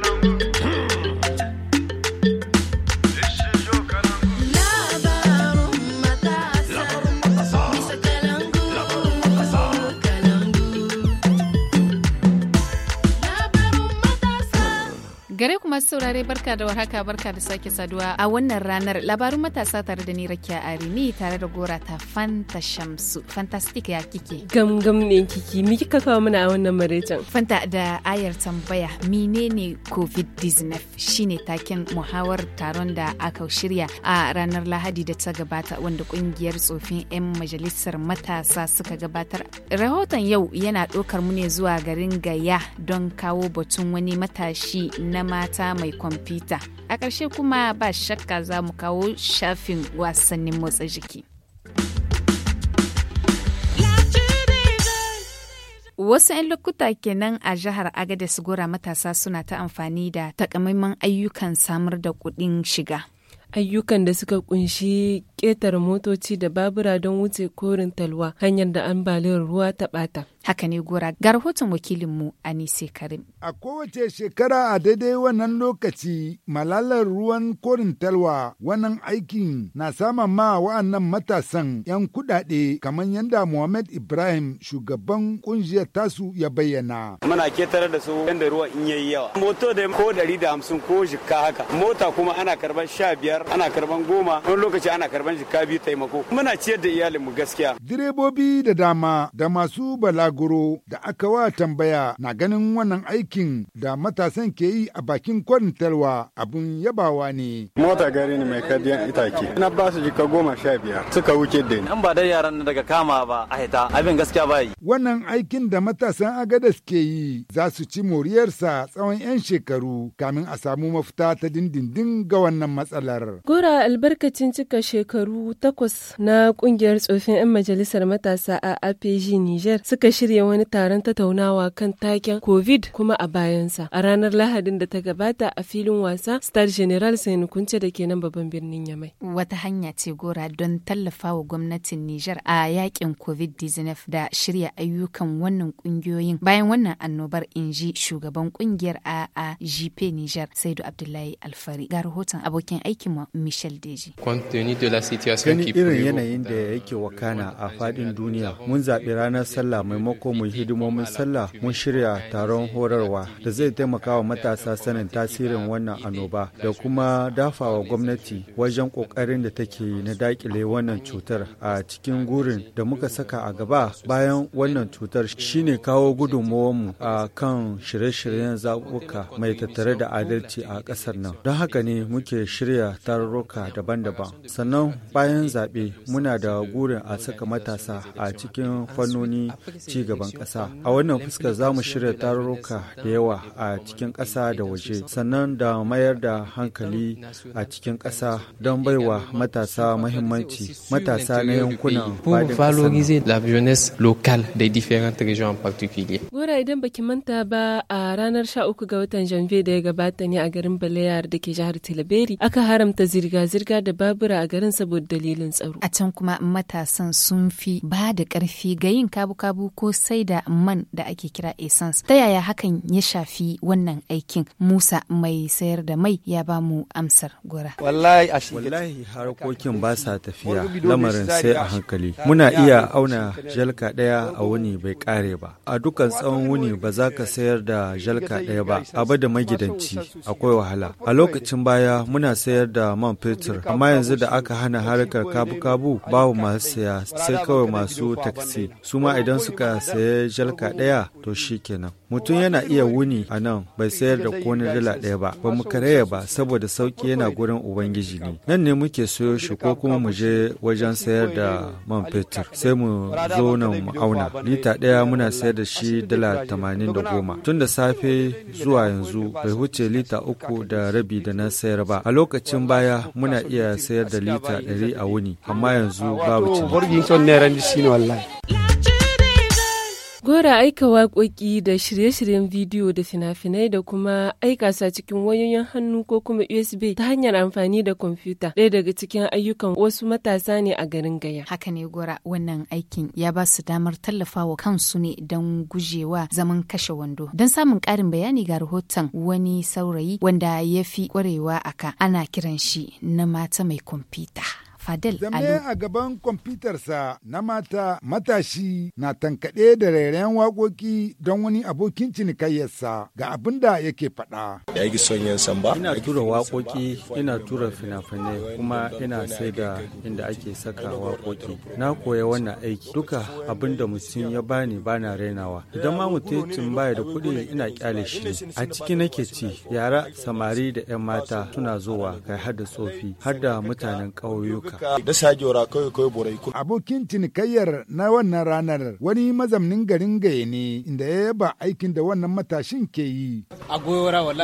gonna Gare kuma saurare barka da warhaka barka da sake saduwa a wannan ranar labarun matasa tare da ni Rakiya Arimi tare da gora ta Fanta Shamsu. Fantastic ya kike. Gamgam ne kiki mi kika kawo mana a wannan maraicin. Fanta da ayar tambaya menene COVID-19 shine taken muhawar taron da aka shirya a ranar Lahadi da ta gabata wanda kungiyar tsofin 'yan majalisar matasa suka gabatar. Rahoton yau yana ɗaukar mu ne zuwa garin Gaya don kawo batun wani matashi na mata mai kwamfuta. A ƙarshe kuma ba shakka za mu kawo shafin wasannin motsa jiki. Wasu 'yan lokuta kenan a jihar Agadez gora matasa suna ta amfani da takamaiman ayyukan samar da kuɗin shiga. Ayyukan da suka kunshi ƙetare motoci da babura don wuce korin talwa hanyar da ambaliyar ruwa ta ɓata. Haka ne gora ga rahoton wakilinmu Anise Karim. A kowace shekara a daidai wannan lokaci malalar ruwan korin talwa wannan aikin na sama ma wa'annan matasan 'yan kuɗaɗe kamar yadda Muhammad Ibrahim shugaban kungiyar tasu ya bayyana. Muna ketare da su yadda ruwa in yayi yawa. Moto da ko ɗari da hamsin ko shika haka. Mota kuma ana karban sha biyar ana karban goma wani lokaci ana karɓar. kamar jika taimako muna ciyar da iyalin mu gaskiya direbobi da dama da masu balaguro da aka wa tambaya na ganin wannan aikin da matasan ke yi a bakin kwantarwa abun yabawa ne mota gari ne mai kadiyan itake na ba su jika goma sha biyar suka wuce da ni an ba da yaran daga kama ba a hita abin gaskiya ba yi wannan aikin da matasan agadas ke yi za su ci moriyarsa tsawon 'yan shekaru kamin a samu mafita ta dindindin ga wannan matsalar. Gora albarkacin cika shekaru shekaru takwas na kungiyar tsofin 'yan majalisar matasa a APG Niger suka shirya wani taron tattaunawa kan taken COVID kuma a bayansa. A ranar Lahadin da ta gabata a filin wasa Star General Sani Kunce da ke nan babban birnin Yamai. Wata hanya ce gora don tallafa wa gwamnatin Niger a yakin COVID-19 da shirya ayyukan wannan kungiyoyin bayan wannan annobar in ji shugaban kungiyar a GP Niger Saidu Abdullahi Alfari. Ga rahoton abokin aikin Michel Deji. gani irin yanayin da yake wakana a fadin duniya mun zaɓi ranar sallah maimako mu hidimomin sallah mun shirya taron horarwa da zai taimaka wa matasa sanin tasirin wannan annoba da kuma dafawa gwamnati wajen ƙoƙarin da take na daƙile wannan cutar a cikin gurin da muka saka a gaba bayan wannan cutar shine kawo mu a kan shirye-shiryen zaɓuka mai tattare da adalci a ƙasar nan don haka ne muke shirya tarurruka daban-daban sannan bayan zaɓe muna da gurin a saka matasa a cikin fannoni ci gaban ƙasa a wannan fuska za mu shirya tarurruka da yawa a cikin ƙasa da waje sannan da mayar da hankali a cikin ƙasa don baiwa matasa mahimmanci matasa na yankunan Gora idan baki manta ba a ranar 13 ga watan janvier da ya gabata ne a garin Balayar da ke jihar Tilaberi aka haramta zirga-zirga da babura a garin saboda dalilin tsaro. A can kuma matasan sun fi ba da ƙarfi ga yin kabu-kabu ko sai da man da ake kira essence. Ta yaya hakan ya shafi wannan aikin? Musa mai sayar da mai ya ba mu amsar gora. Wallahi Wallahi harkokin ba sa tafiya lamarin sai a hankali. Muna iya auna jalka ɗaya a wuni bai ƙare ba. A dukkan tsawon wuni ba za ka sayar da jalka ɗaya ba. Abu da magidanci akwai wahala. A lokacin baya muna sayar da man fetur amma yanzu da aka hana hana harkar kabu-kabu babu masu saya sai kawai masu taksi su ma idan suka saya jalka ɗaya to shi kenan mutum yana iya wuni a nan bai sayar da kone dala ɗaya ba ba mu karaya ba saboda sauki yana gurin ubangiji ne nan ne muke sayo shi ko kuma mu je wajen sayar da man fetur sai mu zo nan mu auna lita ɗaya muna sayar da shi dala tamanin da goma tun da safe zuwa yanzu bai huce lita uku da rabi da na sayar ba a lokacin baya muna iya sayar da lita ɗari a wuni amma yanzu babu ciniki Gora aika waƙoƙi da shirye-shiryen bidiyo da fina-finai da kuma aika sa cikin wayoyin hannu ko kuma USB ta hanyar amfani da kwamfuta ɗaya daga cikin ayyukan wasu matasa ne a garin Gaya. Haka ne Gora wannan aikin ya ba su damar tallafawa kansu ne don gujewa zaman kashe wando. Don samun ƙarin bayani ga rahoton wani saurayi wanda ya fi ƙwarewa aka ana kiran shi na mata mai kwamfuta. Alu. Zame a gaban kwamfutarsa na mata matashi na tankaɗe da rairayen waƙoƙi don wani abokin cinikayyarsa ga abin da yake faɗa. Ya yi son yin samba? Ina tura waƙoƙi, ina tura fina-finai, kuma ina sai da inda ake saka waƙoƙi. Na koya wannan aiki duka abin da mutum ya bani bana rainawa. Idan ma mutum baya da kuɗi ina ƙyale shi. A ciki nake ci yara samari da 'yan mata suna zuwa kai har tsofi har da mutanen ƙauyuka. duka da sajora kawai kawai borai kun. Abokin cinikayyar na wannan ranar wani mazamnin garin gaye ne inda ya yaba aikin da wannan matashin ke yi.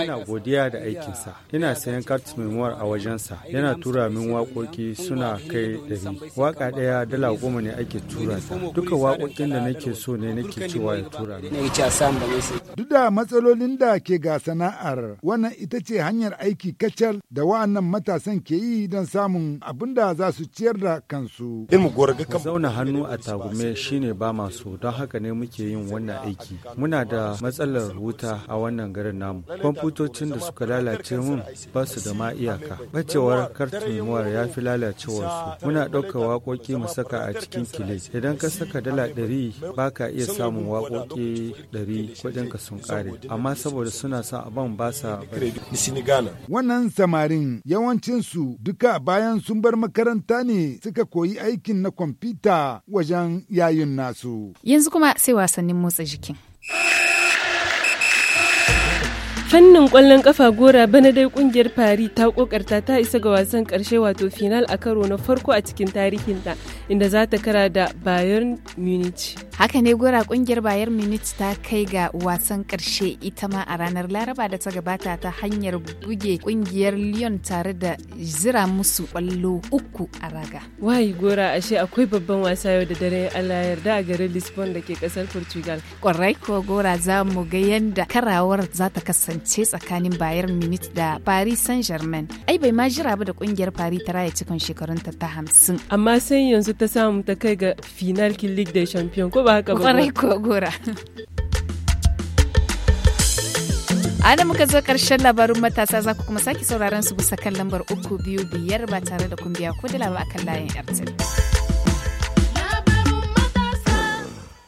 Ina godiya da aikinsa. Ina sayan kart memoir a wajensa. Yana tura min waƙoƙi suna kai ɗari. waka ɗaya dala goma ne ake tura ta. Duka waƙoƙin da nake so ne nake cewa ya tura min. Duk da matsalolin da ke ga sana'ar, wannan ita ce hanyar aiki kacal da wa'annan matasan ke yi don samun abin da za su ciyar da kansu. Zauna hannu a tagume shine ba masu don haka ne muke yin wannan aiki. Muna da matsalar wuta a wannan garin namu kwamfutocin da suka lalace mun ba su da ma iyaka bacewar kartin memoir ya fi lalacewar su muna ɗauka waƙoƙi mu saka a cikin kile idan ka saka dala ɗari ba ka iya samun waƙoƙi ɗari kuɗin ka sun ƙare amma saboda suna sa abin ba sa wannan samarin yawancinsu duka bayan sun bar makaranta ne suka koyi aikin na kwamfuta wajen yayin nasu yanzu kuma sai wasannin motsa jikin fannin kwallon kafa gora bana dai kungiyar fari ta kokarta ta isa ga wasan karshe wato final a karo na farko a cikin tarihinta inda za ta kara da bayern munich haka ne gora kungiyar bayern munich ta kai ga wasan karshe ita ma a ranar laraba da ta gabata ta hanyar buge kungiyar lyon tare da zira musu kwallo uku a raga wai gora ashe akwai babban wasa yau da dare allah yarda a garin lisbon da ke kasar portugal kwarai ko gora za mu ga yadda karawar za ta kasance kasance tsakanin Bayern Munich da Paris Saint-Germain. Ai bai ma jira ba da kungiyar Paris ta raya cikin shekarun ta hamsin. Amma sai yanzu ta samu ta kai ga final kin League da Champion ko ba haka ba? Kwarai ko gora. ana muka zo karshen labarun matasa za ku kuma sake sauraron su bisa kan lambar uku biyu biyar ba tare da kun biya ko da ba akan layin airtel.